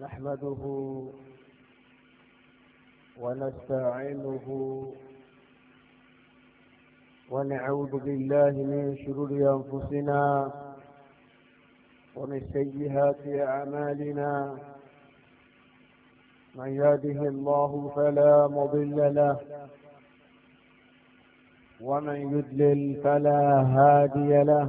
نحمده ونستعينه ونعوذ بالله من شرور أنفسنا ومن سيئات أعمالنا من يهده الله فلا مضل له ومن يدلل فلا هادي له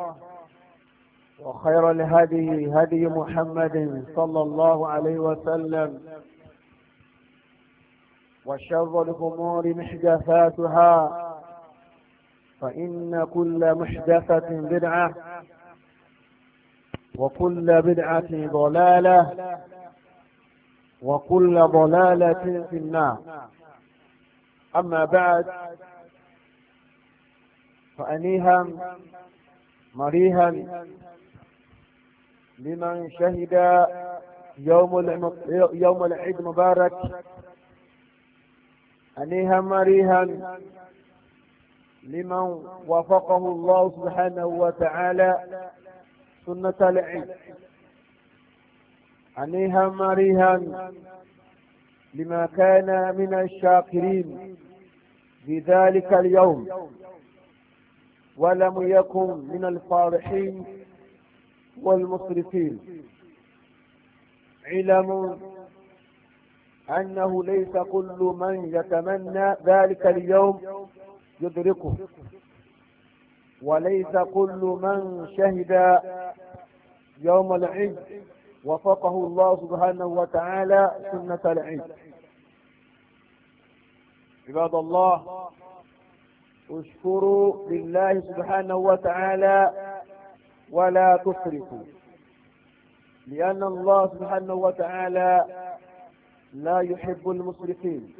وخير الهدي هدي محمد صلى الله عليه وسلم وشر الأمور محدثاتها فإن كل محدثة بدعة وكل بدعة ضلالة وكل ضلالة في النار أما بعد فأنيها مريها لمن شهد يوم يوم العيد مبارك أنيها مريها لمن وفقه الله سبحانه وتعالى سنة العيد أنيها مريها لما كان من الشاكرين في ذلك اليوم ولم يكن من الفارحين والمصرفين علم أنه ليس كل من يتمنى ذلك اليوم يدركه وليس كل من شهد يوم العيد وفقه الله سبحانه وتعالى سنة العيد عباد الله اشكروا لله سبحانه وتعالى ولا تسرفوا لأن الله سبحانه وتعالى لا يحب المسرفين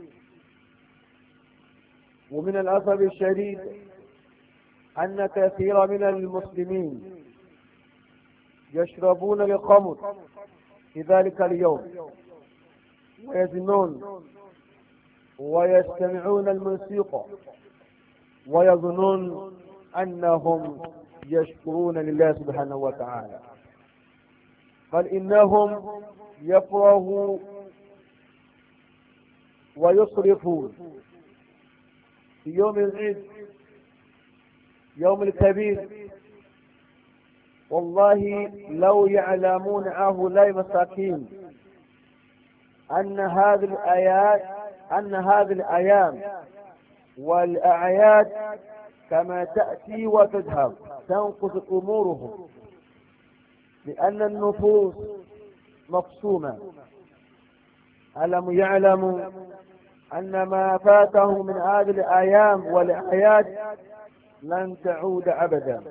ومن الأسف الشديد أن كثير من المسلمين يشربون الخمر في ذلك اليوم ويزنون ويستمعون الموسيقى ويظنون أنهم يشكرون لله سبحانه وتعالى قال إنهم يفرهوا ويصرفون في يوم العيد يوم الكبير والله لو يعلمون هؤلاء مساكين أن هذه الآيات أن هذه الأيام والأعياد كما تأتي وتذهب تنقص أمورهم لأن النفوس مقسومة ألم يعلموا أن ما فاته من هذه الأيام والآيات لن تعود أبدا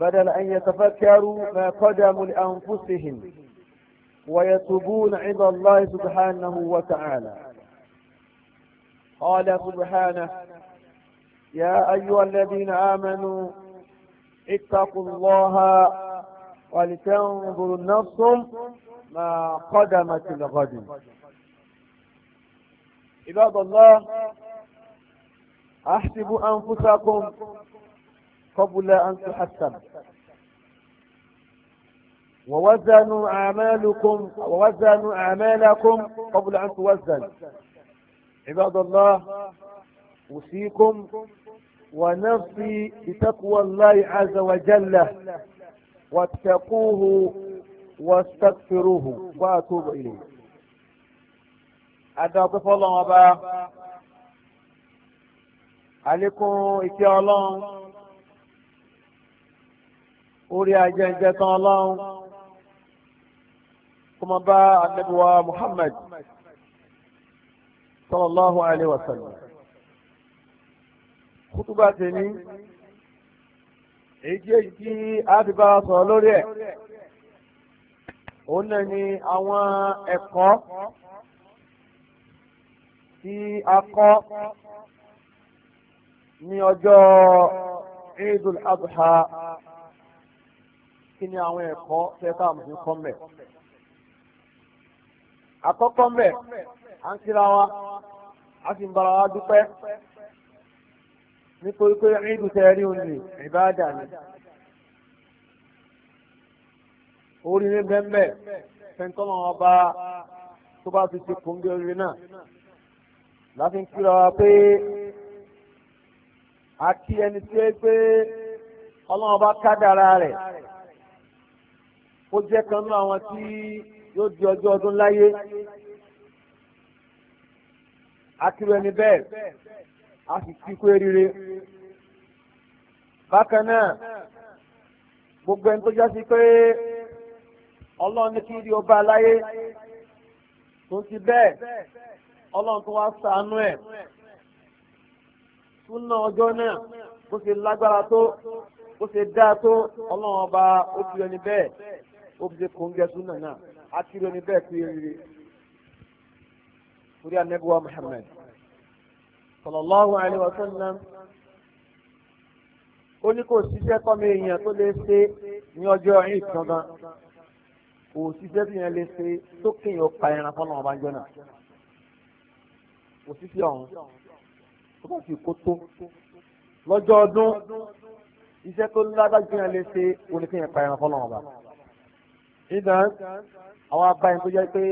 بدل أن يتفكروا ما قدموا لأنفسهم ويتوبون عند الله سبحانه وتعالى قال سبحانه يا أيها الذين آمنوا اتقوا الله ولتنظر النفس ما قدمت الغد عباد الله احسبوا أنفسكم قبل أن تحسن ووزنوا أعمالكم ووزنوا أعمالكم قبل أن توزن عباد الله أوصيكم ونفسي بتقوى الله عز وجل واتقوه واستغفروه واتوب اليه adáwọ̀pẹ́ fọ́lọ́wọ́n bá àlékún ìkẹ́ ọlọ́run orí ajẹ́jẹ́ tán ọlọ́run kó máa bá ànábì wa Muhammad sallallahu alaihi wasallam kútúbà tèmi èyí tí èyí tí a ti bá sọ lórí ẹ̀ òun náà ni àwọn ẹ̀kọ́ tí a kọ́ ní ọjọ́ Eidul Adha kí ni àwọn ẹ̀kọ́ tẹ́ka àmì kọ́ mẹ́. àkọ́kọ́ mẹ́ à ń kíra wa a sì ń bára wa dúpẹ́ nítorí pé rídu tẹ́rí òun ni ìbáàdà ni orí ní bẹ́ẹ̀ fẹ́ńtọ́nà ọba tó bá fi ṣe kòńgé orí náà láti ń kíra wa pé àti ẹni tí ó pé ọlọ́run ọba kádàrá rẹ̀ ó jẹ́ kan nínú àwọn tí yóò di ọjọ́ ọdún láyé akírò ẹni bẹ́ẹ̀ a sì fi kú erire bákan náà gbogbo ẹni tó jásí pé ọlọ́run ní kí rí ọba aláyé tó ti bẹ́ẹ̀ ọlọ́run tó wá ṣàánú ẹ̀ súnà ọjọ́ náà bó ṣe lágbára tó bó ṣe dáa tó ọlọ́run ọba ó ti rẹni bẹ́ẹ̀ ó fi ṣe kóńgẹ́ súnà náà á ti rẹni bẹ́ẹ̀ pé rere. Orí anẹ́gbẹ́wá Muhammad sallallahu alaihi wa sallam ó ní kò síṣẹ́ kọ́mọ èèyàn tó lè ṣe ní ọjọ́ ìrìn gangan kò síṣẹ́ tó yẹn lè ṣe tó kéèyàn pa ẹran fọ́nà ọba jọ náà kò síṣẹ́ ọ̀hún tó bá fi kó tó lọ́jọ́ ọdún iṣẹ́ tó ládájú yẹn lè ṣe oníkéèyàn pa ẹran fọ́nà ọba ìdán àwọn abáyẹn tó jẹ́ pé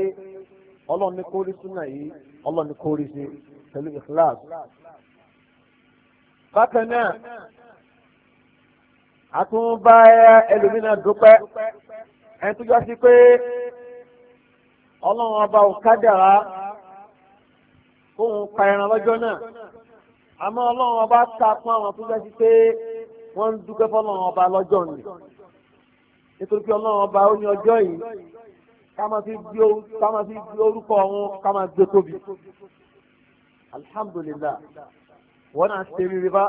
ọlọ́run kórìí súnà yìí ọlọ́run kórìí ṣe pẹ̀lú ikhlas. bákan náà a tún bá ẹlòmínà dúpẹ́ ẹni tó jásí pé ọlọ́run ọba ò kádàrá kóun pa ẹran lọ́jọ́ náà àmọ́ ọlọ́run ọba takun àwọn tó jásí pé wọ́n ń dúpẹ́ fọlọ́run ọba lọ́jọ́ nì nítorí pé ọlọ́run ọba ó ní ọjọ́ yìí ká máa fi gbé orúkọ ọ̀hún ká máa gbé tóbi alhamdulillah wọ́n náà ṣe rere bá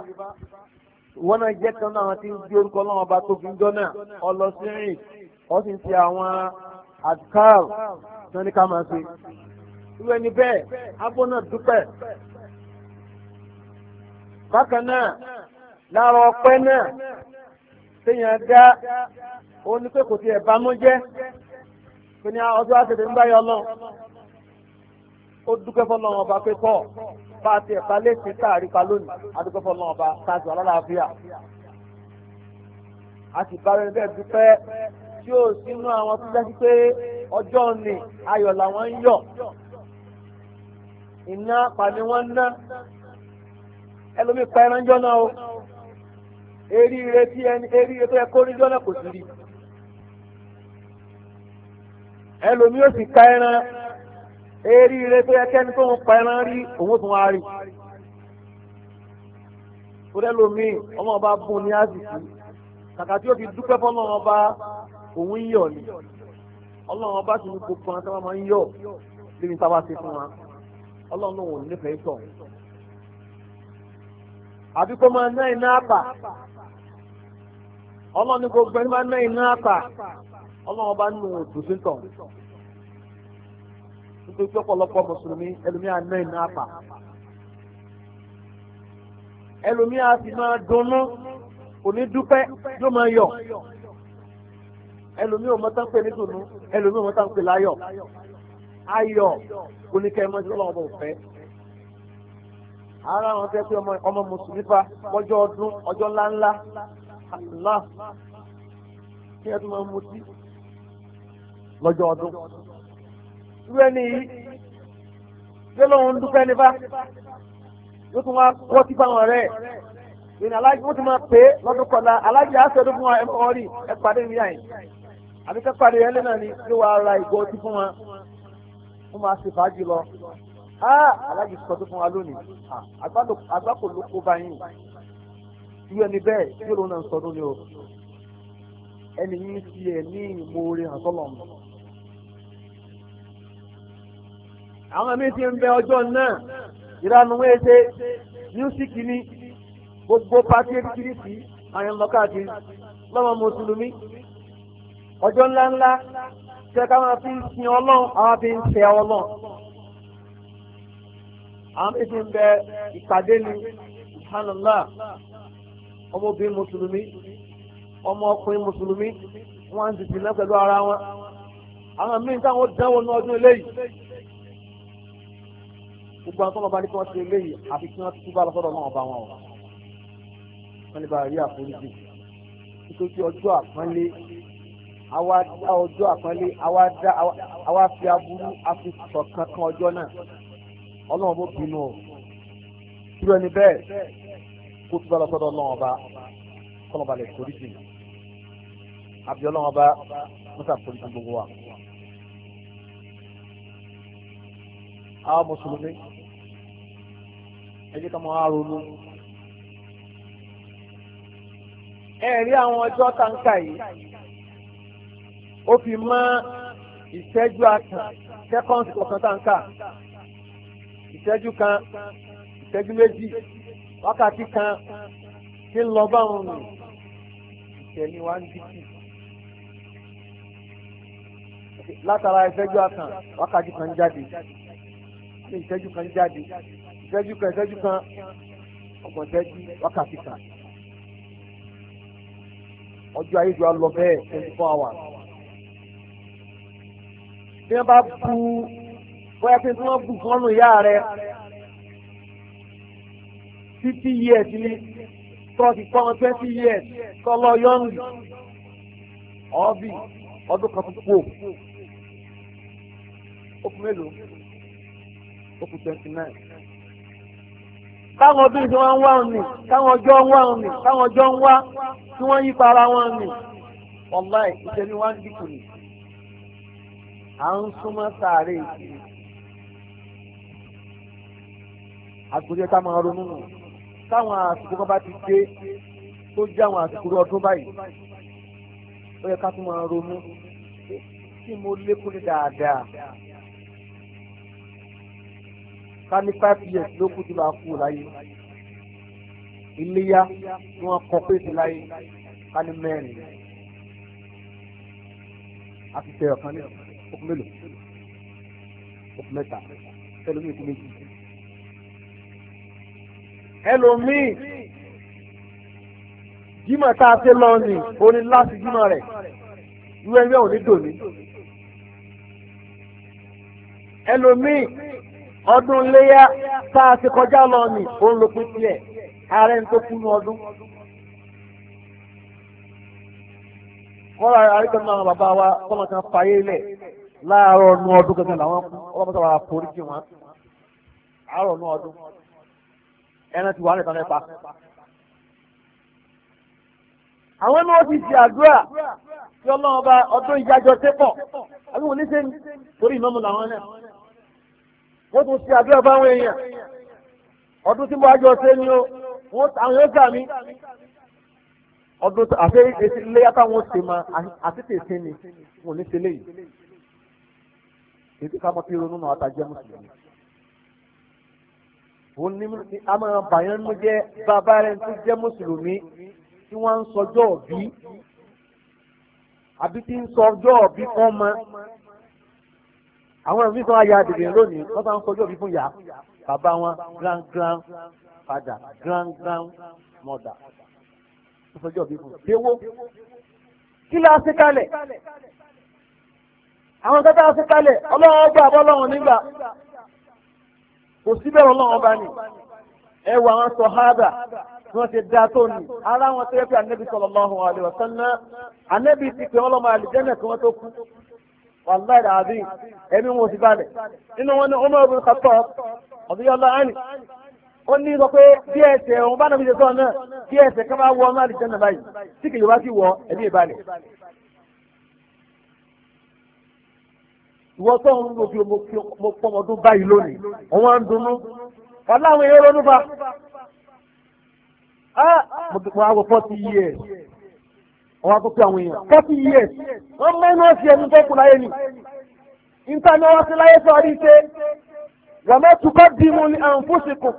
wọ́n náà jẹ́ kan náà ti ń gbé orúkọ náà ọba tó fi ń jọ́nà ọlọ́sìnrìn ó sì ń ṣe àwọn adkar tó ní ká máa ṣe. irú ẹni bẹ́ẹ̀ agbóná dúpẹ́ bákan náà lára ọpẹ́ náà téèyàn dá òun kò tiẹ̀ bámú jẹ́ pé ní ọjọ́ àtẹ̀tẹ̀ ń báyọ̀ lọ ó dúpẹ́ fọlọ́wọ́n ọba pé tọ́ bá a ti ẹ̀ka léṣe táàrí pa lónìí a dúpẹ́ fọlọ́wọ́n ọba táàzù alálàáfíà a sì bá rẹ̀ bẹ́ẹ̀ dúpẹ́ tí ó sínú àwọn tó dá sí pé ọjọ́ ni ayọ̀ làwọn ń yọ̀ iná pàmí wọn ná ẹlòmíì pa ẹran jọ náà o eríire tí ẹni eríire tó yẹ kó rí jọ kò sí rí ẹlòmíì ó sì ka ẹran. Eri rẹ tó yẹ kẹ́ni tó ń pa ẹran rí òun tún wá rí torí lomiin ọmọ ọba bùn ní àsìkò kàkà tí ó fi dúpẹ́ fọlọ́run ọba òun yọ̀ ni ọlọ́run ọba sì ní gbogbo àwọn tí wọ́n máa ń yọ̀ a bá ṣe fún wa ọlọ́run náà ò sọ. àbí kó máa ná iná àpà ọlọ́run ní nítorí pé ọ̀pọ̀lọpọ̀ mùsùlùmí ẹlòmíà náà iná àpà ẹlòmíà sì máa dunnú òní dúpẹ́ yóò máa yọ̀ ẹlòmíà ọmọ tá ń pè ní dùnú ẹlòmíà ọmọ tá ń pè láyọ̀ ayọ̀ oníkẹ́ mọ́tí ọlọ́wọ́ fẹ́ ara wọn fẹ́ pé ọmọ mùsùlùmí fa ọjọ́ ọdún ọjọ́ ńláńlá Allah kí ẹ tún máa mutí lọ́jọ́ ọdún. irú ẹni yìí ṣé lóun ń dúpẹ́ nípa tún wá kọ́ sí ìrìn wọ́n ti máa pè é lọ́dún kọ́lá fún wa kọ́ rí pàdé mi àyìn àbí ká pàdé ẹlẹ́ náà ni yóò wá ra ìgò ọtí fún wa wọ́n máa ṣe fàájì lọ aláàjì sọdún fún wa lónìí àgbákò ló kó bá yín bẹ́ẹ̀ lóun náà ni o ẹni ẹ̀ ní ìmoore àtọ́lọ́mù. àwọn míì ti ń bẹ ọjọ́ náà ìranu wọ́n ṣe mísíkì ni gbogbo pátí eréṣiríṣi àyàn lọ́kàtì lọ́mọ mùsùlùmí ọjọ́ ńláńlá tẹ ká máa fi ń sin ọlọ́run àwọn fi ń tẹ ọlọ́run àwọn méjì ń bẹ ìpàdé ni subhanallah ọmọbìnrin mùsùlùmí ọmọ ọkùnrin mùsùlùmí wọn ń dìtì náà pẹ̀lú ara wọn àwọn míì táwọn dánwò ní ọdún eléyìí gbogbo àwọn tọ́lọ́ba ní kí wọ́n ṣe eléyìí àfi kí wọ́n túbọ̀ lọ́sọ̀rọ̀ náà bá wọn o wọ́n ní bá rí àforíjì nítorí ọjọ́ àpọ́nlé àwa dá ọjọ́ àpọ́nlé àwa dá àwa fi aburú àfi sọ̀kan kan ọjọ́ náà ọlọ́run bó bínú o dúró ẹni bẹ́ẹ̀ kó túbọ̀ lọ́sọ̀rọ̀ náà bá kọ́lọ́ba lè foríjì àbí ọlọ́run bá mọ́tà foríjì gbogbo wa. àwọn mùsùlùmí ẹ jẹ́ ká máa ronú. ẹ rí àwọn ọjọ́ táǹkà yìí ó fi mọ́ ìṣẹ́jú àtàn sẹ́kọ́ǹsì kọ̀ọ̀kan táǹkà ìṣẹ́jú kan ìṣẹ́jú méjì wákàtí kan tí ń lọ báwọn nù ìṣẹ̀lí wa ń dìtì látara ìṣẹ́jú àtàn wákàtí kan jáde ní ìṣẹ́jú kan jáde ìṣẹ́jú kan ìṣẹ́jú kan ọgbọ̀n ìṣẹ́jú wákàtí kan ọjọ́ ayédùn alọ bẹ́ẹ̀ twenty four hours. bí wọ́n bá bu bóyá pé tí wọ́n bu fọ́nù ìyá rẹ fifty years ni tọ́ọ̀tì pọ́n twenty years kọ́lọ́ yọ́ǹgì ọ̀ọ́bì ọdún kan tó kú ó kú mélòó okù twenty nine. káwọn ọdún tí wọ́n ń wá òní káwọn ọjọ́ ń wá òní káwọn ọjọ́ ń wá tí wọ́n yí para wọn ni wàláì ìṣẹ́ni wá ń dínkù ni à ń súnmọ́ sàárè ìṣẹ́ àgbèrè ká máa ronú nù táwọn àsìkò kan bá ti dé tó jẹ́ àwọn àsìkò ọdún báyìí ó yẹ ká tún máa ronú tí mo lékún ní dáadáa ká ní five years ló kú tí bá kú láyé iléyá ni wọ́n kọ pé sí láyé ká ní mẹ́rin àti tẹ ọ̀kan ní okùn mélòó okùn mẹ́ta ẹlòmíì okùn méjì ẹlòmíì jímọ̀ tá a ṣe lọ ni ó ní láti jímọ̀ rẹ̀ irú ẹgbẹ́ òní dòní ẹlòmíì. ọdún léyà tá a ti kọjá lọ ni òun ló pín sílẹ̀ ààrẹ ń tó kúnú ọdún. wọ́n rà àríkàn bàbá wa kan fàyè lẹ̀ láàárọ̀ ọdún làwọn kú ọlọ́pàá forí jì wọ́n àárọ̀ ọdún àwọn ti di àdúrà tí bá ọdún tẹ́pọ̀ àbí ní sẹ́ni torí làwọn náà. wọ́n tún ṣe àdúrà fáwọn èèyàn ọdún tí mo wá jọ ṣe ni o wọ́n àwọn yóò gbà mí ọdún àti èsì iléyà táwọn ṣe máa àti tèsí ni wọn ò ní ṣe léyìí èsì ká mọ kí ronú náà àtàjẹ mùsùlùmí òun ní a máa bàyàn nínú jẹ bàbá rẹ tó jẹ mùsùlùmí tí wọ́n ń sọjọ́ òbí àbí tí ń sọjọ́ òbí fọ́n máa àwọn ẹ̀mí tó ayà dèdè lónìí wọ́n bá ń kọjú òbí fún ìyá bàbá wọn grand grand father grand grand mother ń kọjú òbí fún déwó kí ló ṣe kalẹ̀ àwọn kẹta ṣe kalẹ̀ ọlọ́wọ́ gbà bọ́ lọ́wọ́ nígbà kò síbẹ̀ ọlọ́wọ́ bá ní ẹwà wọn sàhábà tí wọ́n ṣe dá tó ní ara wọn tó yẹ pé ànábì sallallahu alaihi wasallam ànábì ti pè wọ́n lọ́mọ àlìjẹ́nà kí wọ́n tó wàláì àbí ẹbí wọn ti balẹ̀ nínú wọn ni Umar bin Khattab radiyallahu anhu ó ní sọ pé bí ẹsẹ̀ òun bá nàbí ṣetán náà bí ẹsẹ̀ ká bá wọ ọmọ àdìjẹ́ náà báyìí tí kìí bá sì wọ ẹbí ìbalẹ̀. ìwọ tó ń lo fi mo pọmọdún báyìí lónìí òun á ń dunnú wàláì àwọn èèyàn ronú fa. Ah! mo wá wọ fọ́ọ̀tì yìí ẹ̀ ọwọ́ akókò àwọn èèyàn forty years wọ́n mẹ́nọ́ọ̀sì ẹni tó kù láyé ni níta ni wọ́n ti láyé sọ rí pé gàmẹ́tukọ́ dìímù ní àǹfóṣekò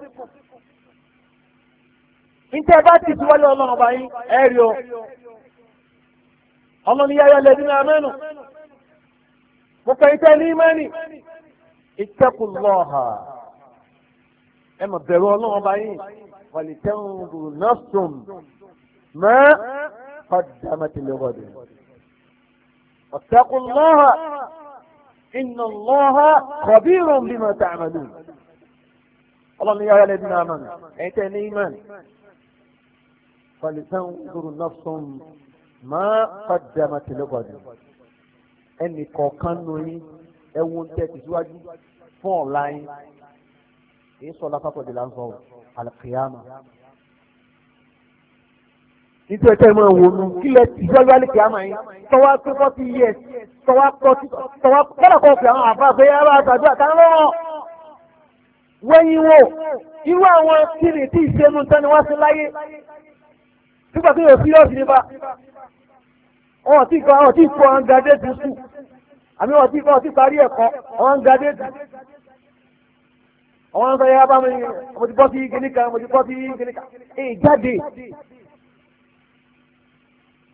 níta ẹ bá ti ti wáyé ọlọ́run ọba yín ẹ rí o ọmọ ní yáyá lẹ́dí náà mẹ́nu mo kàn ìtẹ́ ní mẹ́ni ittaqullaha ẹ mọ̀ bẹ̀rù ọlọ́run ọba yín wàlìtẹ́hùn nọ́ọ̀sùn mẹ́. قدمت لغد واتقوا الله إن الله خبير بما تعملون اللهم يا الذين آمنوا أيتني إيمان فلتنظر نفس ما قدمت لغد أني kọ̀ọ̀kan nù yín ẹ̀wọ̀n tẹ̀ tẹ̀síwájú fún ọ̀la yín èyí nítorí ẹ̀kẹ́ mọ̀ wò nù kílẹ̀ ìjọba lè kí á máa yín tọwọ́ pé forty years tọwọ́ pọ̀ tọwọ́ kọ́dà kọ́ pé àwọn àbá àfẹ́ yára àgbàdo àtàwọn ọ̀rọ̀ wẹ́yìn wò irú àwọn kìnìún tí ìṣẹ́nu tán ni wọ́n ti láyé nígbà tó yẹ fírọ́ọ̀sì nípa wọn ti kọ́ wọn ti kọ́ àwọn gàdé ti sùn àmì wọn ti kọ́ wọn ti parí ẹ̀kọ́ àwọn gàdé ti àwọn sọ yẹ abámi mo ti bọ́ sí gíníkà mo ti bọ́ sí gíníkà èyí jáde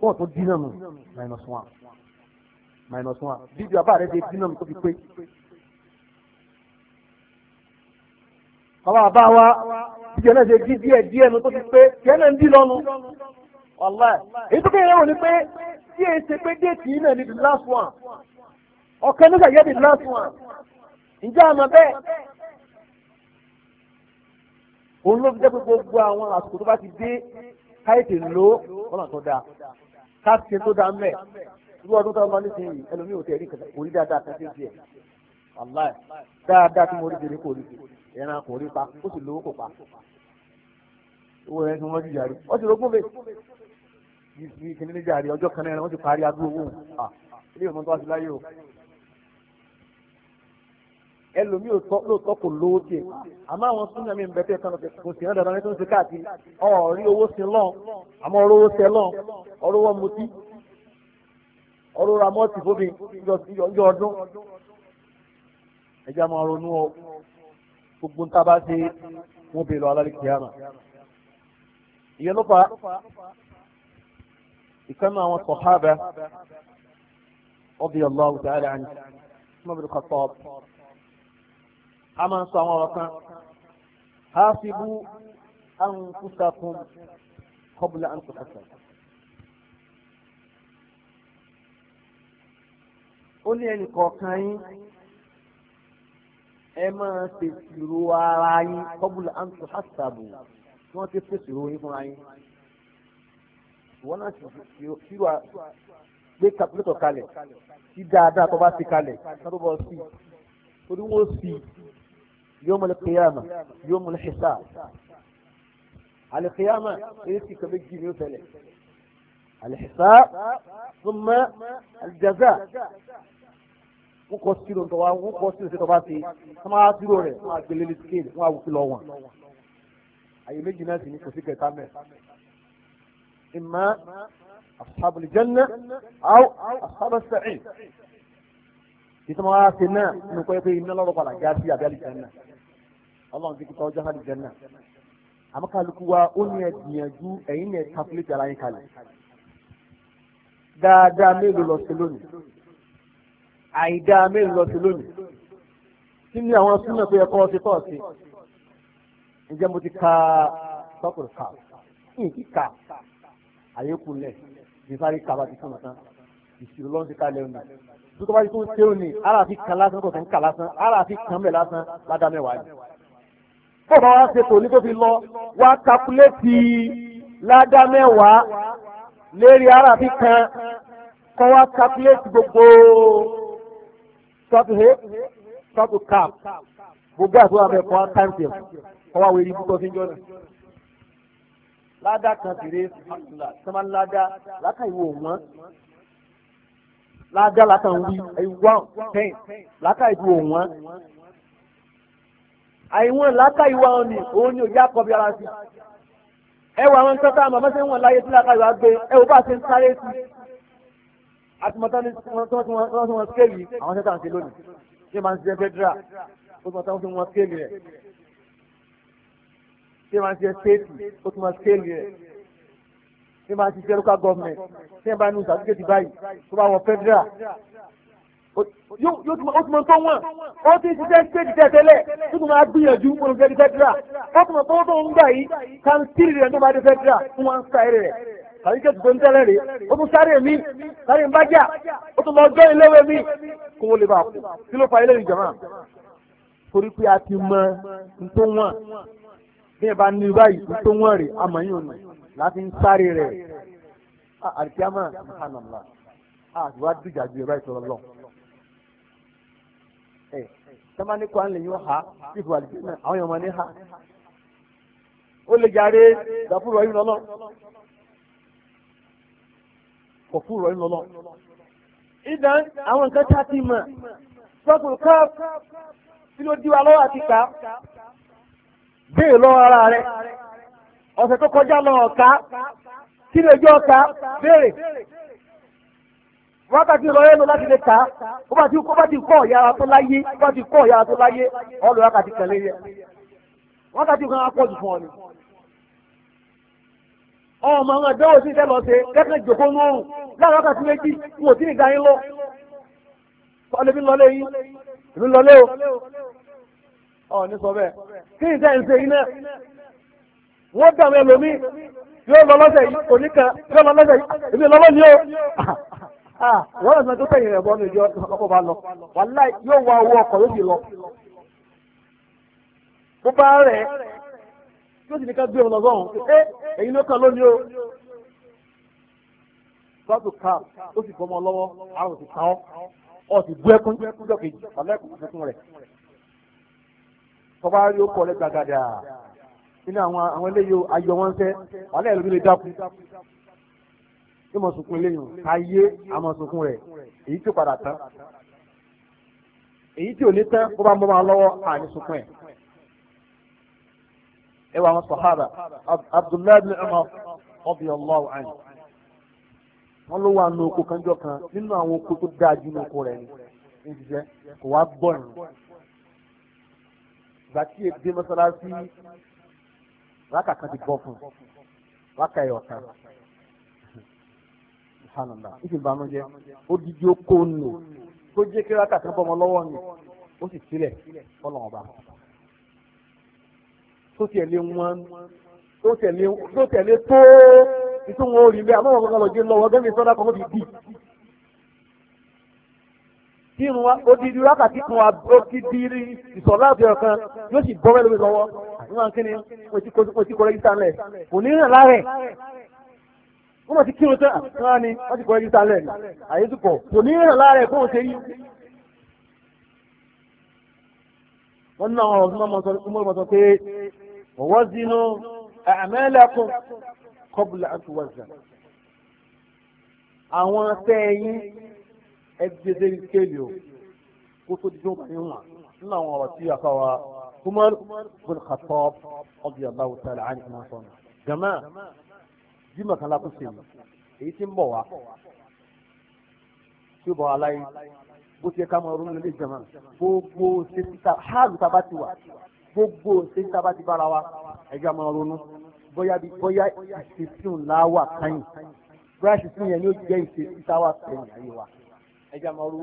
wọ́n tún dínà nù minus one minus one bíbí àbá rẹ̀ ṣe dínà nù tó fi pé. bàbá àbá wa bíbí ẹ̀nà ṣe dí díẹ̀ díẹ̀ nù tó fi pé kí ẹ̀nà ń dí lọ́nu ọ̀la ẹ̀ èyí tó kéde wò ni pé tí èyí ṣe pé déètì yìí náà ni the last one ọ̀kan nígbà yẹ́ the last one ǹjẹ́ àmọ́ bẹ́ẹ̀ òun ló fi jẹ́ pé gbogbo àwọn àsìkò tó bá ti dé káyìtì ló ọ̀nà tó dáa káàtì tó dáa mẹ́ irú ọdún tó máa ń sìn yìí ẹlòmíì ò tẹ̀rí kò rí dáadáa kan sí tiẹ̀ wàláì dáadáa tí mo rí jèrè kò rí ẹran kò rí pa ó sì lówó kò pa owó rẹ̀ ni wọ́n ti jàre wọ́n ti rogún bẹ́ẹ̀ yìí kìnìún jàre ọjọ́ kan náà wọ́n ti parí adúlówó ilé ìmọ̀ tó wá láyé o ẹlòmíì lóòótọ́ kò lówó tiẹ̀ àmọ́ àwọn súnmọ́ mi ń bẹ tẹ́ẹ̀ kan lọ́sẹ̀ kò sí ọ̀dọ̀ ní tó ń ṣe káàkiri ọ̀rí owó sí lọ́n àmọ́ ọ̀rọ̀ owó sẹ lọ́n ọ̀rọ̀ wọn mutí ọ̀rọ̀ ra mọ́ọ̀tì fóbi yọ ọdún ẹja máa ronú ọ gbogbo ń tábà ṣe wọn bèèrè alálẹ́ kìíyàmà ìyẹn ló fa ìkànnì àwọn sọ̀hábà radiyallahu ta'ala anhu Umar bin Khattab a máa ń sọ àwọn ọ̀rọ̀ kan hasibu anfusakum qabla an tuhasabu. ó ní ẹnì kọ̀ọ̀kan yín ẹ máa ṣèṣirò ara yín qabla an tuhasabu tí wọ́n ti ṣèṣirò yín fúnra yín wọ́n náà ṣírò gbé kàpúlétọ̀ kalẹ̀ tí dáadáa tó bá ti kalẹ̀ ká tó bọ̀ sí i torí wọ́n sì يوم القيامة يوم الحساب على القيامة يأتي كبجي مثلا الحساب ثم الجزاء وقصيرون توا وقصيرون توباتي ما عصيرون ما قليل سكيل ما وكلوان أي مجي ناس يمكن إما أصحاب الجنة أو أصحاب السعيد títí wọn á ṣe náà nínú pé pé iná lọ́rọ̀ padà já sí àbí àlìjánà ọlọ́run ti kíkọ́ ọjọ́ àlìjánà àmọ́kálukú wa ó ní ẹ gbìyànjú ẹ̀yìn ní ẹ calculate ara yín kalẹ̀ dáadáa mélòó lọ sí lónìí àìdáa mélòó lọ sí lónìí kí ni àwọn súnmọ̀ pé ẹ̀kọ́ ọtí tọ̀ sí ǹjẹ́ mo ti ka sọ́kùnrin kà ìkí kà àyékù lẹ̀ nípa rí kà ti fún tán ìṣirò lọ́n ti ká lẹ́nu tó bá yí kó tẹ́rù ni ara fi kan lásán kò kàn kà lásán ara fi kan bẹ̀ lásán ládàá mẹ́wàá ni. bó bá wá ṣe tòní tó fi lọ wá kakuléètì ládàá mẹ́wàá lérí ara fi kan kọ́ wá kakuléètì gbogbo sọ́tù hẹ́ sọ́tù káp gbogbo àti wàá bẹ̀ kọ́ táìmù kọ́ wá wẹ̀rí búkọ́ sí jọ́nà. ládàá kan sì rèé sọ́mọ́ ládàá lákàyè wò ládá látà ń wí ẹ̀wá ten látà ìdú òun wá. àìwọ̀n látà ìwà ọ̀nì òun ni òjá kọ́ bí ara sí. ẹ àwọn nǹkan tá a màmá ṣe ń wọ̀n láyé tí látà ìwà gbé ẹ bá ṣe ń sáré sí. àtìmọ́tá ni wọ́n ti wọ́n skéèlì àwọn tẹ́tà ń ṣe lónìí ṣé máa ń ṣe fẹ́dúrà ó tún wọ́n ti wọ́n skéèlì rẹ̀ ṣé máa ń ṣe stéètì ó tún wọ́n skéèlì rẹ̀ ní máa ti ṣe local government tí ẹ bá nu certificate báyìí tó bá wọ federal yóò tún mọ tó wọn ó ti ṣiṣẹ́ state tẹ́tẹ́lẹ̀ tó tún máa gbìyànjú mo fẹ́ di federal ó tún mọ tó tó ń gbà yìí kan tírì rẹ̀ tó bá di federal tó máa ń sa eré rẹ̀ certificate tó ń tẹ́lẹ̀ rẹ̀ ó tún sáré mi sáré ń bájà ó tún lọ jọ́ iléèwé mi kó wọ́n lè bá a kú kí ló fa ilé ìjọba torí pé a ti mọ tó wọn bí ẹ bá ní báyìí kú tó wọ́n rè amọ̀yún nù láti ń sáré rẹ̀ àlìkíyàmà subhanallah àtiwá dìjà ju ẹ̀rọ ìṣòro lọ. ẹ sọ́mà ní kwan lè yún ha ìfọ̀ àlìkíyàmà àwọn ọmọ ní ha ó lè jàre gàfúrò ọyún lọ́lọ́ gàfúrò ọyún lọ́lọ́. ìdán àwọn nǹkan tá a ti mọ̀ sọ́kùn káàpù kí ló di wa lọ́wọ́ àti kàá. béèrè lọ́wọ́ ara rẹ̀ ọ̀sẹ̀ tó kọjá lọ ọ̀ka kí lè jọ ọ̀ka béèrè wákàtí ìrọ̀lẹ́ lọ láti lè ta bá ti kọ́ bá ti kọ́ ọ̀yára tó láyé ó bá ti kọ́ ọ̀yára tó láyé ọ̀lọ́ wákàtí kan ga yín lọ. lọlé yín èmi ọ̀ ní sọ bẹ́ẹ̀ kí ìṣe ìṣe iná wọ́n dàmú ẹlòmíì yóò lọ lọ́sẹ̀ yìí kò ní kan yóò lọ lọ́sẹ̀ yìí èmi lọ́wọ́ ni ó wọ́n lọ sí ọjọ́ tẹ̀yìn rẹ̀ bọ́ ní ìjọ ọkọ̀ bá lọ wàhálà yóò wá owó ọkọ̀ yóò sì lọ. bó bá rẹ̀ yóò sì ní ká gbé òun lọ́gọ́rùn ẹ èyí ló kàn lónìí o. gbọ́dọ̀ ká ó sì fọmọ lọ́wọ́ àrùn sì ká ọ́ ọ̀ sì bú ẹkún jọ́kejì ọ̀lẹ́kùn tọ́ba yóò kọ́ lẹ́ gbàgàdà nínú àwọn àwọn eléyìí ayọ̀ wọn fẹ́ wàhálà ìlú lè dákú ní mọ̀ sunkún eléyìí ayé àmọ̀ sunkún rẹ̀ èyí tí ó padà tán èyí tí ò ní tán bá ń bọ́ máa lọ́wọ́ ẹ̀. ẹ wà wọn ló wà kan nínú àwọn tó dáa jù nù ní ìgbà tí e dé mọ́sálásí rákà kan ti bọ́ fún rákà ẹ̀ ọ̀kan subhanallah ìfì ìbànújẹ́ ó dídí ó kó nù tó jẹ́ kí rákà kan bọ́mọ lọ́wọ́ ni ó sì sílẹ̀ fọlọ́mọba tó tẹ̀lé wọn tó tẹ̀lé tó tẹ̀lé tó bẹ́ẹ̀ àmọ́ wọn kọ́kọ́ lọ jẹ́ lọ́wọ́ gẹ́gẹ́ sọ́dá kan ó fi dì irun wa odidi wákàtí kan wa odidi ìsọ̀lá àti ọ̀kan yóò sì bọ́ mẹ́lẹ́wé lọ́wọ́ níwọ̀n kí ni mo ti kọ rẹ́gísítà ńlẹ̀ kò ní rìn lárẹ̀ wọ́n mọ̀ sí kí wọ́n tẹ́ àtúnwá ni wọ́n ti kọ rẹ́gísítà ńlẹ̀ àyè tó pọ̀ kò ní rìn lárẹ̀ kó wọ́n ṣe yí. wọ́n ná ọ̀rọ̀ fún ọmọ sọ mọ́ sọ pé ọ̀wọ́ sínú àmẹ́lẹ́kùn kọ́bùlà àti wọ́n ẹgbẹ́ dérí kéèlì o kó tó di jọba yín hàn nínú àwọn ọ̀rọ̀ tí afa wa Umar bin Khattab radiyallahu ta'ala anhu náà sọnù. jama jimá kan lápò sí mi èyí tí ń bọ̀ wá tí ó bọ̀ aláyé bó ti yẹ ká máa ronú lórí jama gbogbo ṣe ti ta hálù ta bá ti wà gbogbo ṣe ti bá ti bára wa ẹja máa ronú bóyá bí bóyá ìṣesí ńlá wà káyìn bóyá ìṣesí yẹn ni ó jẹ́ ìṣesí táwa kẹ́yìn ayé wa ẹja máa ro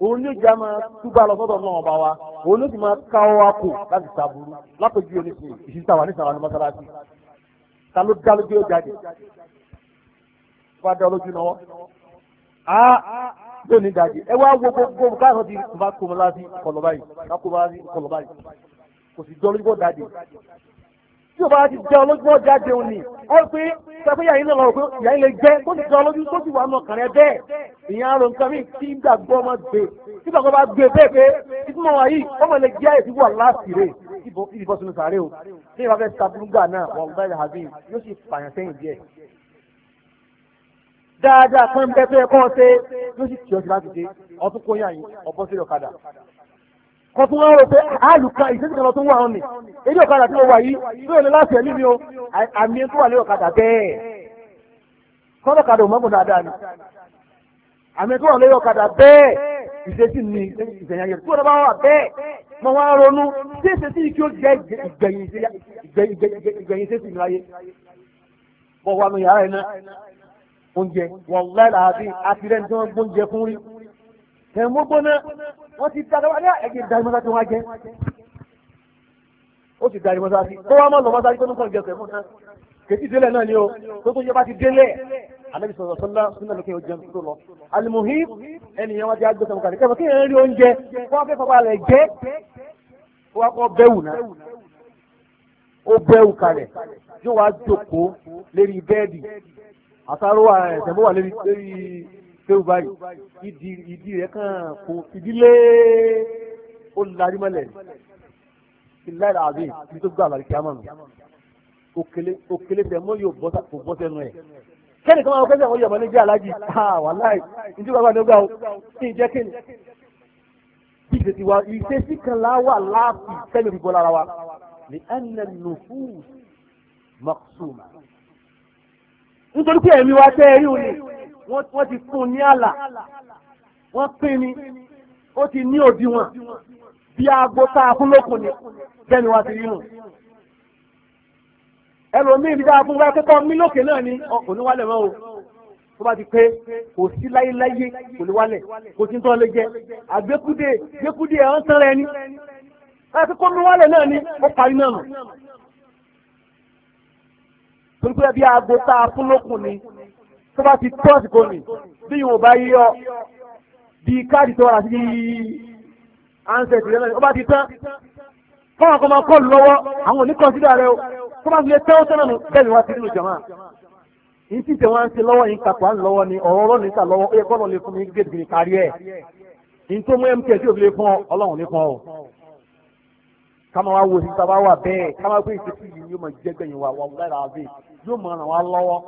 òun ní ìjà máa túbà lọ sọ́dọ̀ náà ọba wa òun ló sì máa ká ọ wa kù láti sàbúrú látọjú oníṣe ìṣiṣẹ́ wà ní sàwọn ní mọ́sálásí ta ló dá lójú ó jáde wá dá lójú náà á ló ní ìdájí ẹ wá wo gbogbo káàkiri ti bá kó mọ́ láti kọlọ́ báyìí kó sì jọ́ lójú bó dáde tí o bá ti jẹ́ ọlọ́gbọ́n jáde òní ọ pé sẹ́fẹ́ yàrá ilé ọ̀rọ̀ pé yàrá ilé tó ti jẹ́ ọlọ́jú tó ti wà nù ọkàn rẹ bẹ́ẹ̀ ìyẹn arò nǹkan mi tí ń gbàgbọ́ ọmọ gbé tí gbàgbọ́ bá gbé bẹ́ẹ̀ pé títí mọ̀ wáyé ọmọ lè jẹ́ èsì wà láti rè ìbọn sínú sàárè o ní ìbáfẹ́ sàbúrúgà náà wà ọ̀gbá ilẹ̀ àbí yóò sì pààyàn sẹ́yìn díẹ̀ dáadáa kan bẹ́ẹ̀ tó yẹ kọ́ ọ kan tún wọ́n rò pé àlùkà ìṣẹ́sìnkà lọ tún wà èdè ọ̀kadà tí mo wà yìí tó yẹ láti o àmì tó wà lé ọ̀kadà bẹ́ẹ̀ kọ́lọ́kadà òmọ́gùn dáadáa ni àmì tó wà lé ọ̀kadà bẹ́ẹ̀ ni ayẹyẹ tó wà bẹ́ẹ̀ ronú tí kí ó ìgbẹ̀yìn mi láyé bọ́ wa nu yàrá iná oúnjẹ wọ́n láì láàbí àtirẹ́ni wọ́n ti dáadáa ní ẹgbẹ́ ìdarí mọ́sá tí wọ́n á jẹ́ ó ti darí mọ́sá sí tó wá mọ́ lọ mọ́sá sí tó ń kàn jẹ́ pẹ̀lú náà kèsì délẹ̀ náà ni o tó tó yẹ bá ti délẹ̀ anabi sọ̀rọ̀ sọ́lá sínú lókè ojú ẹni tó lọ alimuhi ẹnìyẹn wọn ti á gbẹ́sẹ̀ mọ́kàlì kẹfọ́ kí ẹ̀ ń rí oúnjẹ wọ́n fẹ́ fọ́pá rẹ̀ jẹ́ wọ́n kọ́ bẹ́wù náà ó bẹ́wù kalẹ̀ yóò wá jókòó lérí bẹ́ẹ̀dì àsáró ẹ̀sẹ̀ mọ́wà lérí kéwù báyìí ìdí ìdí rẹ̀ kàn kò ìdílé ó larí mọ́lẹ̀ ìláì àbí ibi tó gbà àbàlẹ̀ kíámà nù òkèlè òkèlè tẹ̀ mọ́ yóò bọ́ sẹ́nu ẹ̀ kẹ́ni kan máa kẹ́sẹ̀ wọ́n yọ̀mọ́ ní jẹ́ alájì wàláì nítorí bàbá ló gbà ó kí n jẹ́ kíni bí ìṣe ti wá ìṣe sí kan láwà láàfin sẹ́nu ìbọn lára wa ní ẹnẹ nùfúù mọ̀kúsùmá nítorí pé ẹ̀mí wa tẹ́ ẹ òní wọ́n ti fún ní àlà wọ́n pín ni ó ti ní òdiwọ̀n bí aago tá a fún lókun ni bẹ́ẹ̀ ni wọ́n ti rí nù. ẹlòmíì bí dáa fún wáyé pípọ́ mí lókè náà ni kò ní wálẹ̀ mọ́ o tó bá ti pé kò sí láyéláyé kò ní wálẹ̀ kò sí tán lè jẹ àgbékúdé gbékúdé ẹ̀ ń sanra ẹni láti kó mi wálẹ̀ náà ni ó parí náà nù. torí pé bí aago tá a fún lókun ni tó bá ti tó àsìkò nì bí ìwọ̀n bá yí ọ di káàdì tó wà láti ansẹ̀tì rẹ̀ náà ó bá ti tán fọ́nà kan máa kọlù lọ́wọ́ àwọn òní kọ̀nsídà rẹ̀ o tó bá fi lè tẹ́wọ́ tẹ́nà nù bẹ́ẹ̀ wá sí nínú jàmá yìí tí tẹ̀wọ́n ń ṣe lọ́wọ́ yìí kàpọ̀ à ń lọ́wọ́ ni ọ̀rọ̀ ọ̀rọ̀ nìta lọ́wọ́ ó yẹ kọ́ lọ́ọ́ lè fún mi gèdè gèdè kárí ẹ̀ yìí tó mú mts ò fi lè fún ọ ọlọ́run ní fún ọ káma wá wo sí sábà wà bẹ́ẹ̀ káma pé ìṣesí yìí yóò máa jẹ́gbẹ̀yìn wa wà lára àbí yóò máa ràn wá lọ́wọ́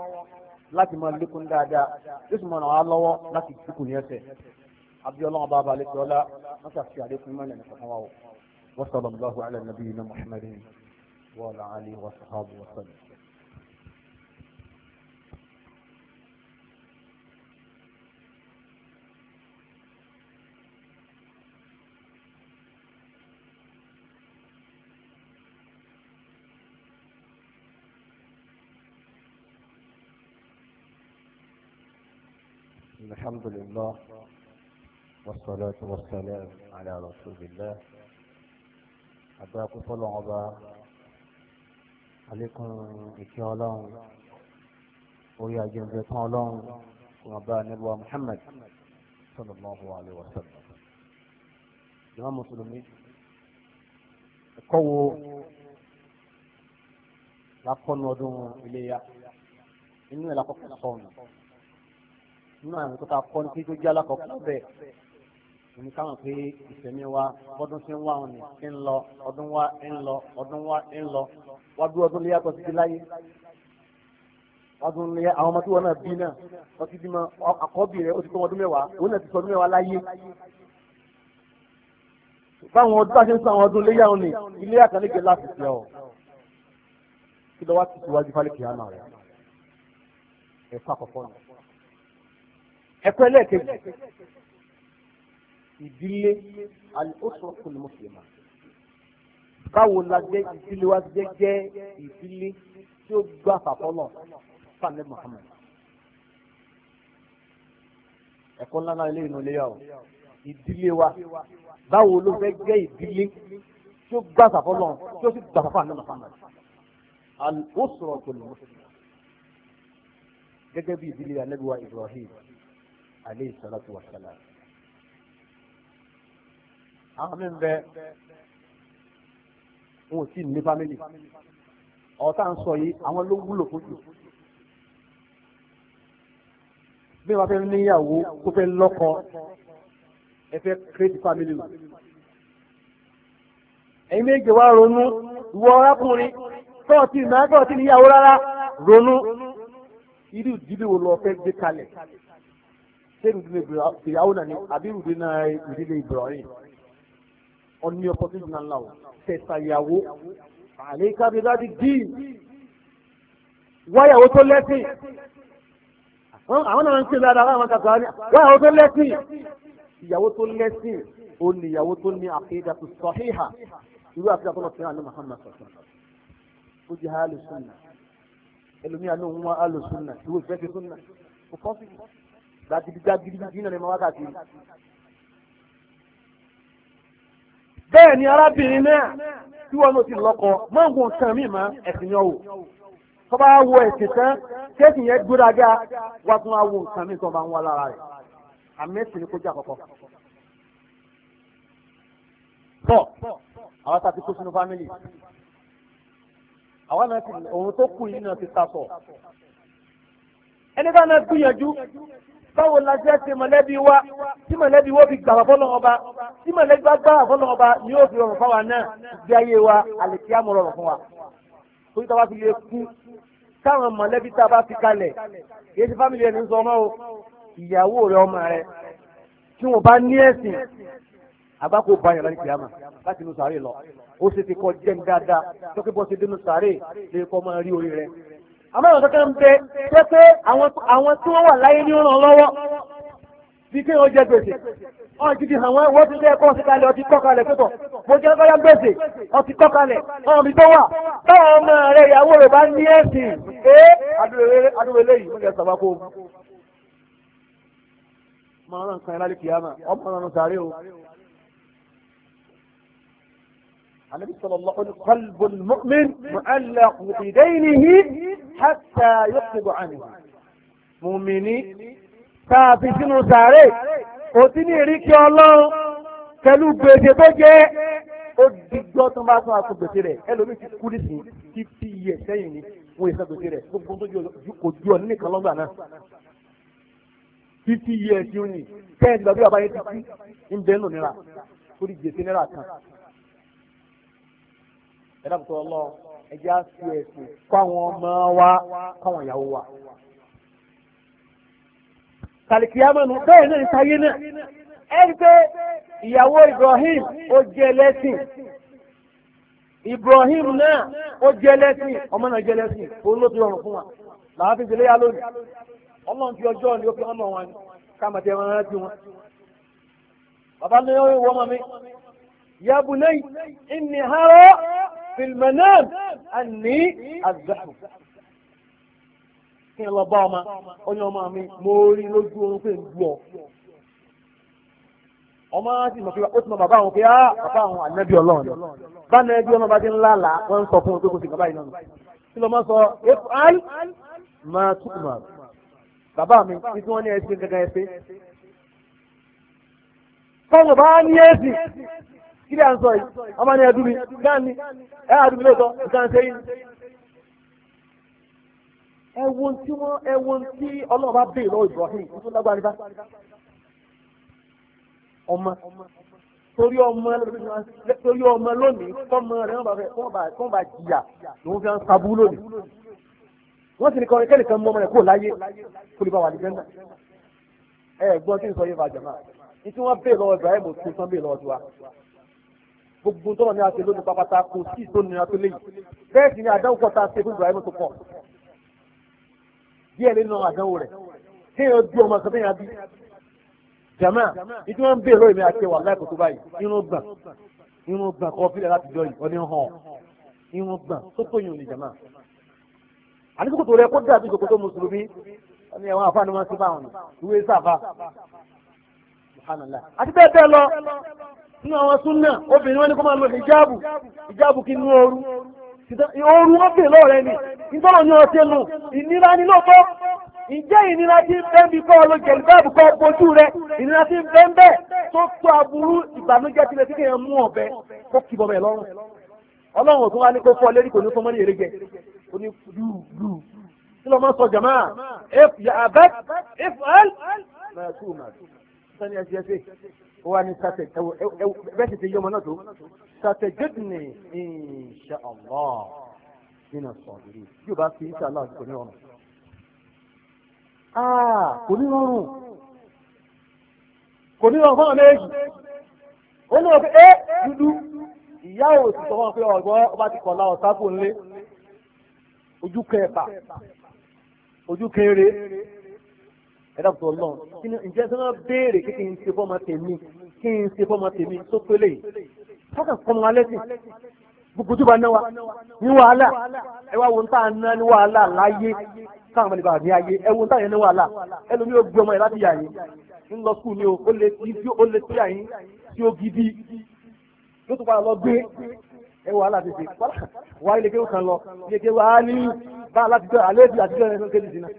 láti máa lékún dáadáa yóò sì máa ràn wá lọ́wọ́ láti dínkù ní ẹsẹ̀ abiyọlọ́wọ́ bá balẹ̀ tí ọlá wọ́n ṣàfi àlékún mọ́lẹ̀ ní kankan wa o wa sallallahu ala nabiyina muhammadin wa ala alihi wa sahabu wa sallam. الحمد لله والصلاة والسلام على رسول الله أداك صلى عبا عليكم إكرام ويا جنب طالون وبا نبوة محمد صلى الله عليه وسلم جماعة مسلمين قوة لقد نودون إليها إنه لقد صومنا nínú àwọn tó ta kọ́ ní tó jẹ́ alákọ̀ọ́kọ́ bẹ́ẹ̀ òní káwọn pé ìsẹ̀mí wa ọdún tí ń wá òní ń lọ ọdún wa ń lọ ọdún wa ń lọ wá bí ọdún léyà tọ́sí ti láyé ọdún léyà àwọn ọmọ tí wọn náà bí náà tọ́sí bímọ àkọ́bí rẹ̀ ó ti tó ọdún mẹ́wàá òun náà ti sọ ọdún mẹ́wàá láyé báwọn ọdún bá ṣe ń sọ àwọn ọdún léyà òní ilé àkàlẹ́gẹ̀ láti tẹ̀ ọ́ kí lọ́wọ́ ti ti wájú fálẹ́kì àná rẹ̀ ẹ̀fọ́ àkọ́kọ́ náà ẹ̀kọ́ ẹlẹ́ẹ̀kejì ìdílé al-usratul muslimah báwo la jẹ́ ìdílé wa jẹ́ jẹ́ ìdílé tí ó gbà fàfọ́lọ̀ fàlẹ́ Muhammad ẹ̀kọ́ ńlá náà ilé ìnú léyà o ìdílé wa báwo ló fẹ́ jẹ́ ìdílé tí ó gbà fàfọ́lọ̀ tí ó sì gbà fàfọ́lọ̀ Muhammad al-usratul gẹ́gẹ́ bí ìdílé Ànábì wa Ibrahim alayhi salatu wa salam. àwọn mi bẹ n ò tí ì ní fámìlì ọ̀tá ń sọ yìí àwọn ló wúlò fún jù bí wọ́n fẹ́ níyàwó tó fẹ́ lọ́kọ ẹ fẹ́ create family lò. ẹ̀yin méje wá ronú ìwọ arákùnrin tọ́ọ̀tì náà tọ́ọ̀tì níyàwó rárá ronú irú ìdílé wo lọ fẹ́ gbé kalẹ̀ ṣé ìrùdílé fìyàwó náà ni àbí ìrùdílé Ibrahim ọ̀nì opportunity náà ńlá o tẹ̀sàyàwó àlékà bí dájú díì wáyàwó tó lẹ́sìn àwọn náà ń ṣe dáadáa láwọn kàkà ní wáyàwó tó lẹ́sìn ìyàwó tó lẹ́sìn ó ní ìyàwó tó ní àkéjà tó sọ̀híhà irú àfihàn tọ́lọ̀ fẹ́ràn ní Muhammad sọ̀tún ó jẹ́ àlùsùnà ẹlòmíà ní òun wá àlùsùnà ìwé ìfẹ́ ti sùnà kò pọ́sibú gbàgidi gbàgidi yìí nàní ma wákàtí. bẹ́ẹ̀ ni arábìnrin náà tí wọ́n náà ti lọ́kọ máa ń wo nǹkan mi mọ́ ẹ̀sìn yẹn o tó bá wo ẹ̀sìn tán kéèkì yẹn gbódàgá wá tún wá wo nǹkan mi tó bá ń wá lára rẹ̀ àmì ẹ̀sìn ni kó jẹ́ àkọ́kọ́. bọ́ àwọn tá a ti kó sínú fámìlì àwọn náà ti òun tó kù yìí náà ti ta sọ ẹni bá náà gbìyànjú báwo la ṣe ṣe mọ̀lẹ́bí wa tí mọ̀lẹ́bí wo fi gbàgbà fọ́nà ọba tí mọ̀lẹ́bí wa gbàgbà fọ́nà ọba ni yóò fi rọrùn fáwa náà bí ayé wa àlèkí àmọ̀ rọrùn fún wa. torí tá a fi lè kú táwọn mọ̀lẹ́bí tá a bá fi kalẹ̀ kìí ṣe fámìlì ẹni sọ ọmọ o ìyàwó rẹ ọmọ rẹ tí wọn bá ní ẹ̀sìn àgbákò bá yàrá ní kìlámà láti inú sàárè lọ ó ṣe ti kọ jẹun dáadáa tó àmọ́ àwọn kankan ń bẹ jẹ́ pé àwọn tí wọ́n wà láyé ní ràn lọ́wọ́ bí kí wọ́n jẹ gbèsè ọ̀n ti di hàn wọ́n wọ́n ti jẹ́ ẹ̀kọ́ sí kalẹ̀ ọtí kọ́kalẹ̀ pẹ́tọ̀ mo jẹ́ báyá gbèsè ọtí kọ́kalẹ̀ ọ̀n mi tó wà táwọn ọmọ rẹ̀ ìyàwó rẹ̀ النبي صلى الله عليه وسلم قلب المؤمن معلق بدينه حتى يقلب عنه مؤمني tààfi sínú sàárè kò sí ní ìríkí ọlọ́run pẹ̀lú gbèdébéje ó dìgbọ́ tó bá tún aṣọ gbèsè rẹ̀ ẹlòmíì ti kú nísìn fífi yẹ sẹ́yìn ni wọ́n yẹ sọ gbèsè rẹ̀ gbogbo tó kò ju ọ nínú ìkan lọ́gbà náà fífi yẹ sí òní kẹ́hìn bàbá yẹn ti kú ń bẹ́ẹ̀ lónìí rà torí gbèsè náírà kan ẹ̀dá kò lọ ẹ̀jẹ̀ á fáwọn ọmọ wa fáwọn ìyàwó wa. kàlìkìyàmọ́nù bẹ́ẹ̀ náà ìtayé náà ẹni pé ìyàwó Ibrahim ó jẹ́ Ibrahim náà ó ọmọ náà òun ló rọrùn fún wa làwọn fi gbélé lónìí fi ni ó fi ọmọ wọn wọn. bàbá wọ́n mọ́ mi inni في المنام أني أذبحه kí n lọ bá ọmọ ó ní ọmọ mi mo rí lójú oorun pé ń gbú ọ ọmọ sì mọ̀ pé ó ti mọ bàbá àwọn pé á bàbá àwọn ànábì ọlọ́run bá náà ẹbí ọmọ bá ti ń lálà wọ́n ń sọ fún un pé kò sí bàbá yìí náà kí ló máa sọ efu al máa tún mà bàbá mi ní tí wọ́n ní ẹsìn gangan ẹsìn. kọ́ńgọ̀ bá ní ẹ̀sìn kí ni à ń sọ yìí ọmọ ni ẹdùn mi ẹ àdùn mi lóòótọ́ ṣe yìí. ẹ tí wọ́n ẹ tí ọlọ́run bá béèrè lọ́wọ́ Ibrahim tó lágbára nípa ọmọ torí ọmọ torí ọmọ lónìí kọ́mọ rẹ̀ wọ́n bá jìyà lòun fi ń sabú lónìí wọ́n sì ní kọrin kẹ́nìkan mọ́ ọmọ rẹ̀ kó láyé kó lè bá wà ní gẹ́ńdà ẹ gbọ́n tí ń sọ yé bàjẹ́ máa ní wọ́n bèèrè lọ́wọ́ Ibrahim tó sán bèèrè lọ́wọ́ tiwa gbogbo tọ́lọ̀ ní a lónìí pápátá kò sí ìtònira tó léyìí bẹ́ẹ̀ sì ni àdánwò pọ̀ tá a ṣe fún Ibrahim tó pọ̀ díẹ̀ nínú àdánwò rẹ̀ kéèyàn bí ọmọ kan téèyàn bí jama ìdí wọn ń béèrè èmi àti ẹwà láìpẹ́ tó báyìí irun gbà irun gbà kọ fílẹ̀ láti jọ yìí ọdún hàn irun gbà tó tó yìí ò ní jama àdínkù tó rẹ kó dàbí ìṣòkòtò mùsùlùmí ẹni àwọn àfáàní wọn sí báwọn ìwé sáfà subhanallah àti bẹ́ẹ̀ bẹ́ẹ̀ lọ nínú àwọn súnà obìnrin wọn ni kó máa lo hijabu hijabu kí nú ooru ooru wọn bè lọ́ọ̀rẹ́ ni nítorí ní ọtí nù ìnira ni lóòótọ́ ǹjẹ́ ìnira tí ń bẹ́ẹ̀ bí kọ́ ọ ló jẹ̀lúbáàbù kọ́ bojú rẹ ìnira tí ń bẹ́ẹ̀ bẹ́ẹ̀ tó tó aburú ìbànújẹ́ tilẹ̀ tí kìí mú ọ̀bẹ kó kì bọ́ bẹ́ẹ̀ lọ́rùn ọlọ́run òtún wa ní kó fọ́ ọ lérí kò ní fọmọ́ ní èrè jẹ kò ní dùú dùú kí sọ jàmáà if you abet if al tán ní ẹsẹ̀ ẹsẹ̀ ó wà ní sàtẹ̀ bẹ́ẹ̀ sì ti yí ọmọ náà tó sàtẹ̀ jẹ́dùnì insha Allah nínú sọ̀rọ̀ yóò bá fi insha Allah kò ní ọ̀run. Ah, kò ní ọ̀run kò ní ọ̀run fáwọn méjì ó ní ọ̀pẹ ẹ́ dúdú ìyá ò sì sọ wọn pé ọ̀gbọ́n ọba ti kọ̀ọ̀la ọ̀sáàpò ńlé ojú kẹfà ojú kéré ẹ̀dàkùtọ̀ ọlọ́run kí ni ǹjẹ́ tí wọ́n béèrè kí kí n ṣe fọ́mọ tèmi kí n ṣe fọ́mọ tèmi tó pélé yìí káàkiri fọmọ alẹ́ sìn gbogbo tó bá náwa ní wàhálà ẹ wá wọn tá a ná ní wàhálà láyé káwọn ọmọ ìbàdàn ní ayé ẹ wọn tá a yẹn ní wàhálà ẹlòmíì ó gbé ọmọ yẹn láti yà yín ń lọ sùn ní o ó lè tí ó lè tí yà yín tí ó gidi ló tún padà lọ gbé ẹ wàhálà tètè wàhálà wàhálà ilé kéwù kan lọ ilé kéwù àálí bá aládùúgbò àlejò àtijọ́ ẹ̀ ń kéde sí náà.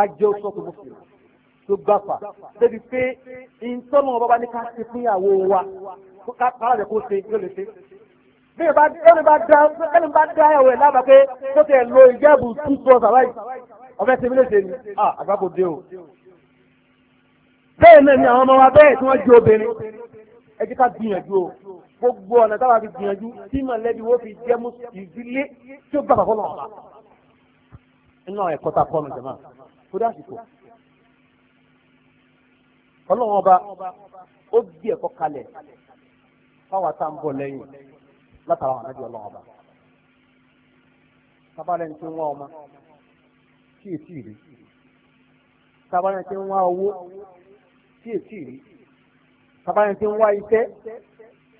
ká jẹ́ sọ́kù mùsùlùmí tó gbàfà débi pé ìtọ́nà ọba ní ká ṣe fún ìyàwó wa ká pàrọ̀ rẹ̀ kó ṣe ló lè ṣe. bí ẹni bá dá ẹni bá dá ẹ̀wọ̀ ẹ̀ lábàá pé kó tẹ̀ lo ìjẹ́bù two plus àwáyé ọ̀fẹ́ ṣe mí lè ṣe ni àgbà kò dé o. bẹ́ẹ̀ náà ni àwọn ọmọ wa bẹ́ẹ̀ tí wọ́n ju obìnrin ẹ jẹ́ ká gbìyànjú o gbogbo ọ̀nà táwa fi gbìyànjú tí mọ̀lẹ́bí wo fi jẹ́ ìdílé tí ó gbàgbà fọlọ́ ọ̀la. inú àwọn ẹ̀kọ́ ta kọ́ ọ̀nà jẹ̀mọ́ tó dásìkò ọba ó bí ẹ̀kọ́ kalẹ̀ fáwọn tá à ń bọ̀ lẹ́yìn látara àwọn ànábì ọlọ́run ọba tabalẹ̀ tí ń wá ọmọ tí èsì rí tabalẹ̀ tí ń wá owó tí èsì rí tabalẹ̀ tí ń wá iṣẹ́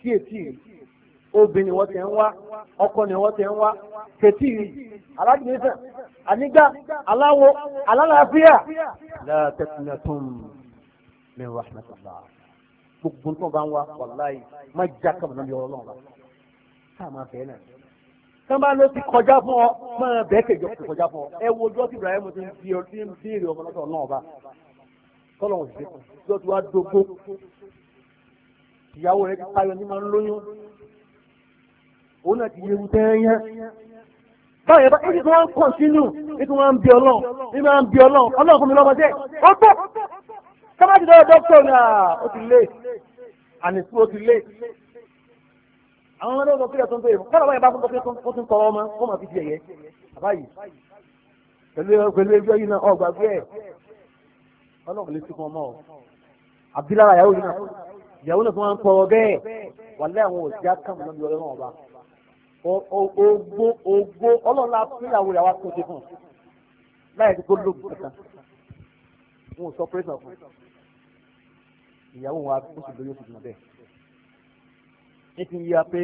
tí èsì rí obìnrin ni wọ́n ti ń wá ọkọ ni wọ́n ti ń wá kẹtìrì alágbèsàn ànígbà aláwo alálàáfíà látẹ̀tìnà tó ń min rahmatillah gbogbo tó bá ń wá wàláyé má já kàmù náà yọrọ náà ká máa bẹ́ẹ̀ náà tán bá ló ti kọjá fún ọ máa bẹ́ẹ̀ kẹjọ ti kọjá fún ọ ẹ wo ojú ọtí Ibrahim ti ń fi ọtí ń fi èrè ọmọ náà náà bá tọ́lọ̀ òṣìṣẹ́ tí ó ti ìyàwó rẹ̀ ti tayọ ní máa ń lóyún òun náà ti yewu tẹ́yẹ́ báyẹ̀ bá ẹni tó wọ́n ń kàn sínú nítorí wọ́n ń bí ọlọ́run nítorí wọ́n ń bí ọlọ́run ọlọ́run fún mi lọ́mọ jẹ́ ó tó kábàtì lọ́wọ́ dókítà náà ó ti lé àníṣú ó ti lé àwọn ọmọdé ọ̀dọ́ kílẹ̀ tó ń bẹ̀rẹ̀ kọ́lá báyìí bá fún dókítà tó ń tọrọ ọmọ kó mà fi di ẹ̀yẹ àbáyé pẹ̀lú pẹ̀lú ẹgbẹ́ yìí náà ọgbàgbé ẹ̀ ọlọ́run lè tukọ̀ ọmọ àbílára yàwó yìí náà yàwó náà tó wọn ń tọrọ bẹ́ẹ̀ wàlẹ́ àwọn òjá kàmù náà ọlọ́run ọba ogbó ogbó ọlọ́run la fún ìyàwó ìyàwó àtúnṣe fún un láì dúró lóògùn kankan sọ pírẹ́sà fún ìyàwó wa ó sì lóyún oṣù bẹ́ẹ̀ ní ti pé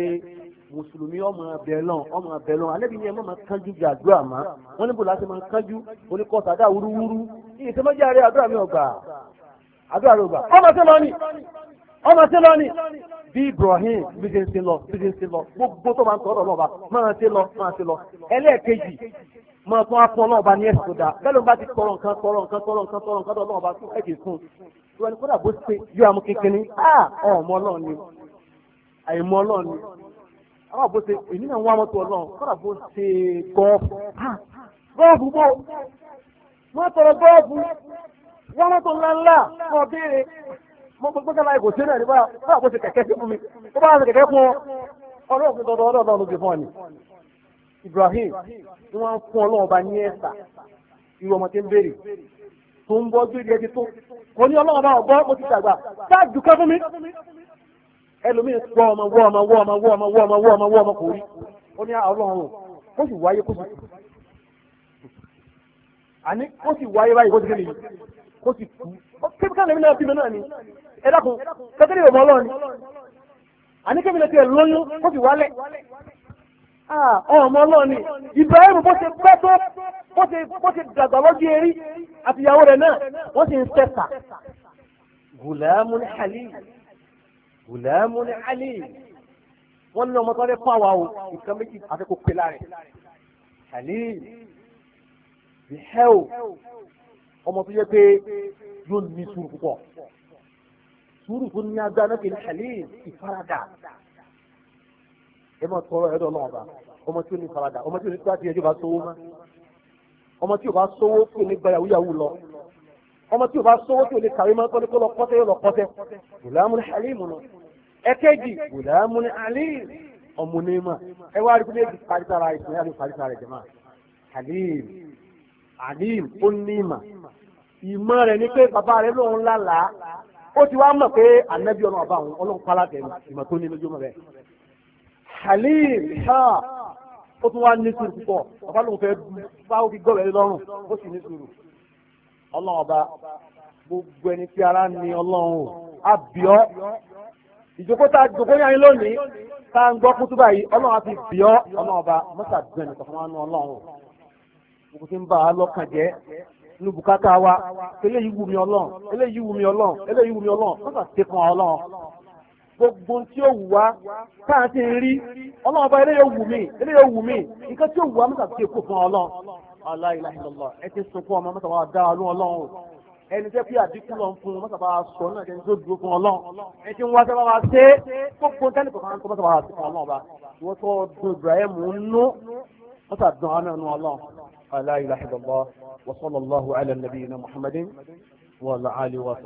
mùsùlùmí ọmọ bẹ̀lọ́n ọmọ bẹ̀lọ́n alẹ́bí ni ẹ máa kánjú bí àdúrà má wọ́n níbo láti máa kánjú oníkọ́sàdá wúrúwúrú iye tí wọ́n jẹ́ àárẹ̀ àdúrà mi àdúrà ọmọ tí ọmọ tí ni. bí Ibrahim bí ṣe ń ṣe lọ bí ṣe ń ṣe lọ gbogbo tó máa ń tọrọ ọlọ́ọ̀ba máa ṣe lọ máa ṣe lọ ẹlẹ́ẹ̀kejì máa tún á fún ọlọ́ọ̀ba ní ẹ̀sìn tó dáa bẹ́ẹ̀ ló bá ti tọrọ nǹkan tọrọ nǹkan tọrọ nǹkan tọrọ nǹkan tọrọ ọlọ́ọ̀ba fún ẹ̀jẹ̀ fún un ní kódà bó ṣe yọ àmú kékeré ọmọ ọlọ́ọ̀ ni àìmọ̀ ọlọ́ọ̀ ni àwọn bó èmi náà wá mọ́tò ọlọ́ọ̀ kódà bó ṣe mo gbogbo kẹlá ìgò tí náà ní bá bá kó ti kẹ̀kẹ́ sí fún mi ó bá ti kẹ̀kẹ́ fún ọ ọlọ́run tó dọ́dọ́ ọlọ́run ló fi fún Ibrahim ni wọ́n ń fún ọlọ́run ọba ní ẹ̀sà irú ọmọ tí ń béèrè tó ń bọ́ ju ìdíyẹ ti tó kò ní ọlọ́run ọba ọgbọ́ mo ti dàgbà bá dùkẹ́ fún mi ẹlòmíín wọ ọmọ wọ ọmọ wọ ọmọ wọ ọmọ wọ ọmọ wọ ọmọ wọ ọmọ kò rí ó ní ọlọ́run kó sì wáyé kó sì kú àní kó sì wáyé báyìí kó sì kú kébíkà lèmi náà bímọ náà ni ẹ dákun kẹ́kẹ́rì ò mọ ọlọ́run ni àní kébì lè tiẹ̀ lóyún kó fi wálẹ̀ ọmọ ọlọ́run ni Ibrahim bó ṣe pẹ́ tó bó ṣe dàgbà lọ́jọ́ erí àtìyàwó rẹ̀ náà wọ́n sì ń sẹ́ta gùlámù ní àlè gùlámù ní àlè wọ́n ní ọmọ tó lè pàwà o nǹkan méjì àfikún pé láàrin àlè bìhẹ́ o ọmọ tó yẹ pé yóò ní sùúrù púpọ̀ sùúrù tó ní agbára náà fi ní àlè ìfaradà ẹ máa tọrọ ẹ̀dọ̀ ọlọ́run ọba ọmọ tí ó ní ìfaradà ọmọ tí ó ní tí wàá ti ẹjọ́ bá sówó má ọmọ tí ò bá sówó tí ò ní gba yahoo lọ ọmọ tí ò bá sówó tí ò ní kàwé máa ń tọ́lé kó lọ kọ́tẹ́ yóò lọ kọ́tẹ́ gùlámù ní nù ẹ̀kẹ́jì gùlámù ní àlímù ọmọ ní ẹ wá rí bí ìmọ̀ rẹ̀ ni pé bàbá rẹ̀ lóun lálàá ó ti wá mọ̀ pé ànábì ọ̀nà ọba àwọn ọlọ́pàá látẹ̀ ìmọ̀ tó ní lójú mọ̀ rẹ̀. Halim ha ó tún wá ní sùúrù púpọ̀ ọba lóun fẹ́ bá ó fi gbọ́ rẹ̀ lọ́rùn ó sì ní sùúrù. ọlọ́run ọba gbogbo ẹni tí ara ni ọlọ́run ò àbíọ́ ìjókòó tá a jókòó yá yín lónìí tá a ń gbọ́ kútú báyìí ọlọ́run á fi bíọ́ ọlọ́run ọba mọ́tà gbẹ̀nìkan fún wa nù ọlọ́run ò gbogbo tí ń bá a lọ́kàn jẹ́ nu bùkátà wa eléyìí wù mí ọlọ́run eléyìí wù mí ọlọ́run eléyìí wù mí ọlọ́run wọ́n sàn ti kan ọlọ́run gbogbo tí ó wù wá táà ti ń rí ọlọ́run ọba eléyìí wù mí eléyìí wù mí nǹkan tí ó wù wá mọ́tà ti kó fún ọlọ́run aláìláìlọ́lọ́ ẹ ti sunkún ọmọ mọ́tà wà dá ọlọ́run ọlọ́run ẹni tẹ́ fi àdínkù lọ fún un mọ́tàbá sọ náà jẹ́ tó dúró fún ọlọ́run ẹni tí ń wá sábà wá sé gbogbo tẹ́lẹ̀ kọ̀ọ̀kan tó mọ́tàbá sí ọlọ́run ọba ìwọ́n tó Ibrahim ń nú mọ́tàdùn ọ̀nà لا إله إلا الله وصلى الله على نبينا محمد وعلى آله وصحبه